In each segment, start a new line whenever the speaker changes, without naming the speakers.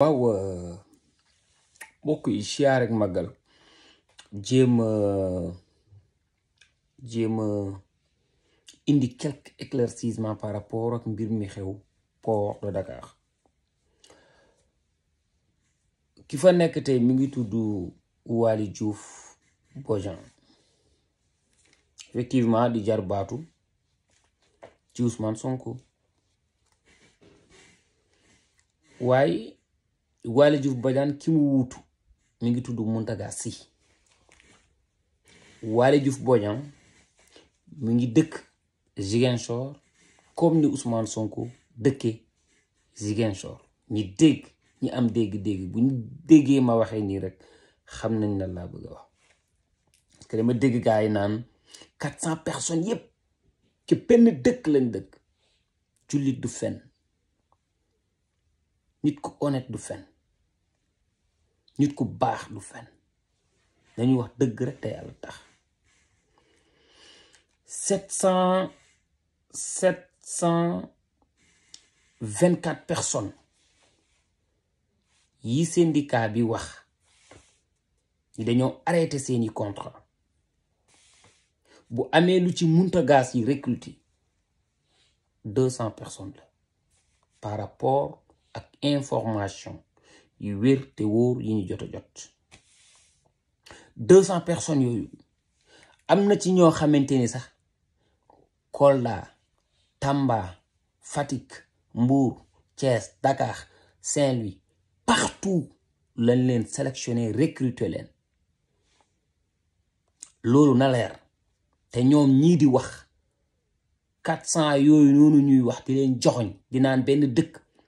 waaw euh, mbokk yi siyaar ak magal jéem a indi quelque éclaircissement par rapport ak mbir mi xew port de Dakar ki fa nekk tey mi ngi tudd wali Diouf bojan effectivement di jar baatu ci Ousmane Sonko waaye Waly juf Badiane ki mu wuutu mi ngi tudd Mountaga Sy Waly Diouf Badiane mu ngi dëkk Ziguinchor comme ni Ousmane Sonko dëkkee Ziguinchor ñi dégg ñi am dégg-dégg bu ñu déggee ma waxee nii rek xam nañ lan laa bëgg a wax parce dama dégg gaa yi naan quatre cent yëpp ci benn dëkk lañ dëkk jullit du fenn nit ku honnête du fen nit ku bax du fen Ils wax personnes yi syndicat bi wax arrêté ces contrats... bu nous lu ci munta personnes par rapport ak information yu wér te wóor yi ñu jot jot 200 personnes yoyu amna ci ño xamante sax Kolda Tamba Fatik, Mbour Thiès Dakar Saint-Louis partout lañ leen sélectionner recruter leen lolu na leer té ñom ñi di wax 400 yoyu nonu ñuy wax di leen joxoñ di naan benn dëkk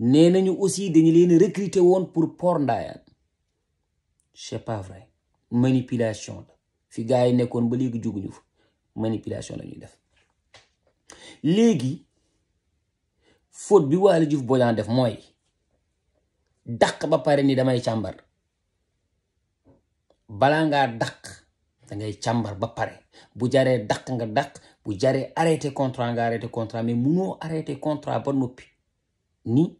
nenañu aussi dañ leen recruter won pour port ndaayaan c'est pas vrai manipulation fi gaay nekkon ba manipulation lañuy def léegi faute bi wala djuf Bodiang def moy dak ba pare ni damay càmbar bala nga dak da ngay càmbar ba pare bu jaree dak nga dak bu jaree arrêter contrat nga arrêter contrat mais arrêter contrat ba nopi ni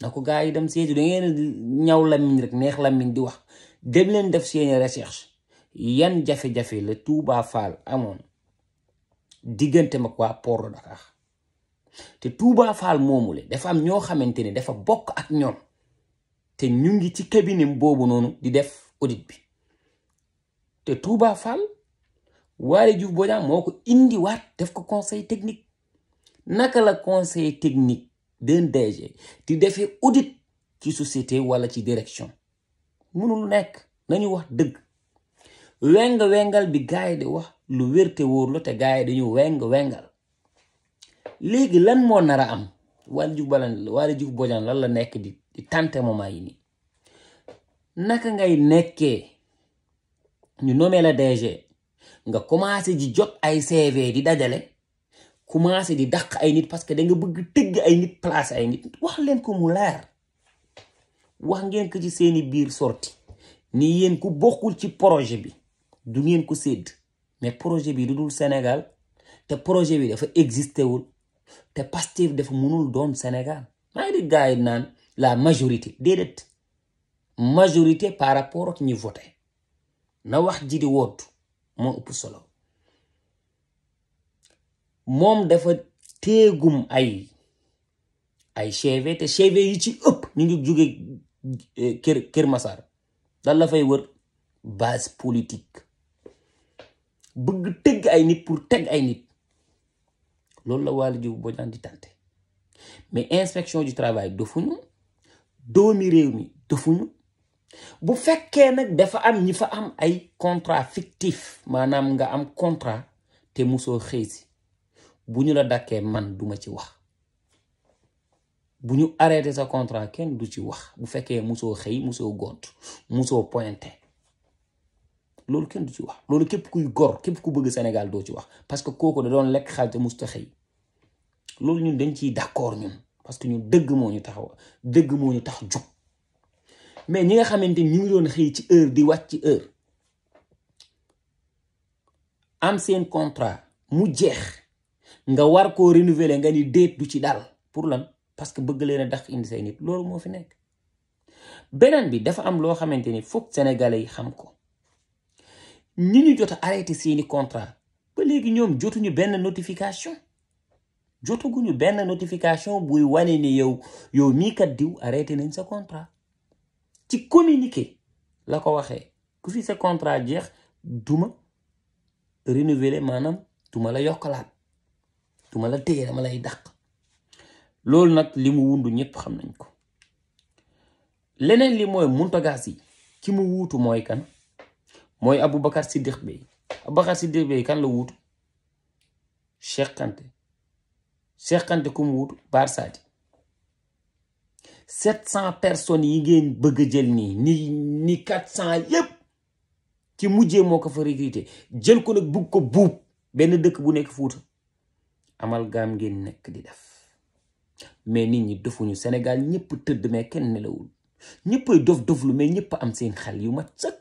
na ko gars yi dem seeti da ngeen ñaw lamiñ rek neex lamiñ di wax dem leen def seeni recherche yan jafe-jafe la Touba Fall amoon diggante mag waa port de Dakar te Touba Fall moomule dafa am ñoo xamante ne dafa bokk ak ñoom te ñu ngi ci cabinet boobu noonu di def audit bi te Touba Fall Waly Diouf Bodiang moo ko indiwaat def ko conseil technique naka la conseil technique. den DG di defee audit ci société wala ci direction mënul nekk nañu wax dëgg weng wengal bi gaay di wax lu wér te wóor la te gaay dañu weng wengal léegi lan moo nar a am Waly Diouf Balan Waly lan la nekk di di tante moment yi nii naka ngay nekkee ñu nommé la DG nga commencé ji jot ay CV di dajale commencé di daq ay nit parce que da nga bëgg tëgg ay nit placé ay nit wax leen ko mu leer wax ngeen ko ci seeni biir sorti ni yéen ku bokkul ci projet bi du ngeen ko sédd mais projet bi du dul Sénégal te projet bi dafa existe wul te Pastef dafa mënul doon Sénégal maa di gars yi naan la majorité déedéet majorité par rapport ak ñi voté na wax ji di wootu moo ëpp solo mom dafa téegum ay ay CV te CV yi ci ëpp ñu ngi jóge e, kër kër Massar dal la fay wër base politique bëgg tëgg ay nit pour teg ay nit loolu la Waly Diouf di tante mais inspection du travail dofuñu doomi réew mi dofuñu bu fekkee nag dafa am ñi fa am ay contrat fictif maanaam nga am contrat te musoo xëy buñu la daké man duma ci wax buñu ñu arrêté sa contrat ken du ci wax bu féké muso xey muso gont muso pointé lolou ken du ci wax lolou képp kuy gor képp ku bëgg Sénégal do ci wax parce que koko da doon lekk xaalis te musta xëy loolu ñun dañ ci d'accord ñun parce que ñun dëgg mo ñu taxaw dëgg mo ñu tax jug mais ñi nga xamante ñi ñu ngi doon xey ci heure di wacc ci heure am seen contrat mu jeex nga war renouveler nga ni du ci pour lan parce que bëgg leena ne indi say nit lolu mo fi nek benen bi dafa am lo xamanteni sénégalais yi xam ko ñi ñu arrêté contrat ba ñom jottu ñu benn notification jotuguñu benn notification buy wane ni yow yow mi kat arrêté nañ sa contrat ci communiqué la ko ku fi sa contrat jeex duma renouveler la du ma la téye dama lay dàq loolu nag li mu wundu ñëpp xam nañ ko leneen li mooy Mountaga yi ki mu wuutu mooy kan mooy Aboubacar Siddiq Bey Aboubacar Siddiq Bey kan la wuutu Cheikh Kanté Cheikh Kanté personnes yi ngeen bëgg a jël nii ni ni quatre cent yépp ci mujjee moo ko fa recruté jël ko nag bugg ko buub benn dëkk bu nekk Fuuta amalgame ngeen nekk di def mais nit ñi dofuñu senegal ñëpp tëdd mais kenn nelawul ñëppay dof lu mais ñëpp am seen xel yu mat sëkk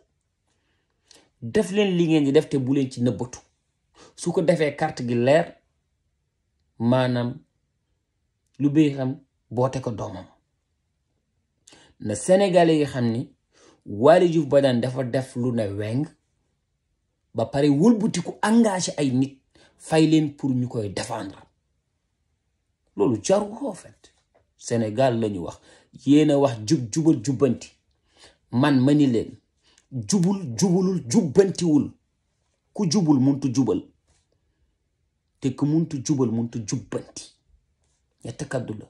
def leen li ngeen di def te bu leen ci nëbbatu su ko defee kart gi leer maanaam lu béy xam boote ko doomam na Sénégalais yi xam ni Waly ba Badiane dafa def lu ne weng ba pare wëlbatiku engagé ay nit fay leen pour ñu koy défendre loolu jaru ko en fait Sénégal wax yéen a wax jub jubal jubanti man ma ni leen jubul jubulul jubbantiwul ku jubul muntu jubal te muntu jubal muntu jubbanti ñett kaddu la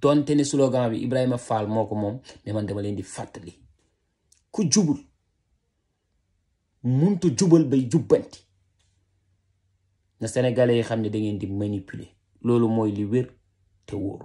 donte ne slogan bi Ibrahima Fall moo ko moom mais man dama leen di fàttali ku jubul muntu jubal bay jubanti na sénégalais yi xam ne da ngeen di manipuler loolu mooy li wér te wóor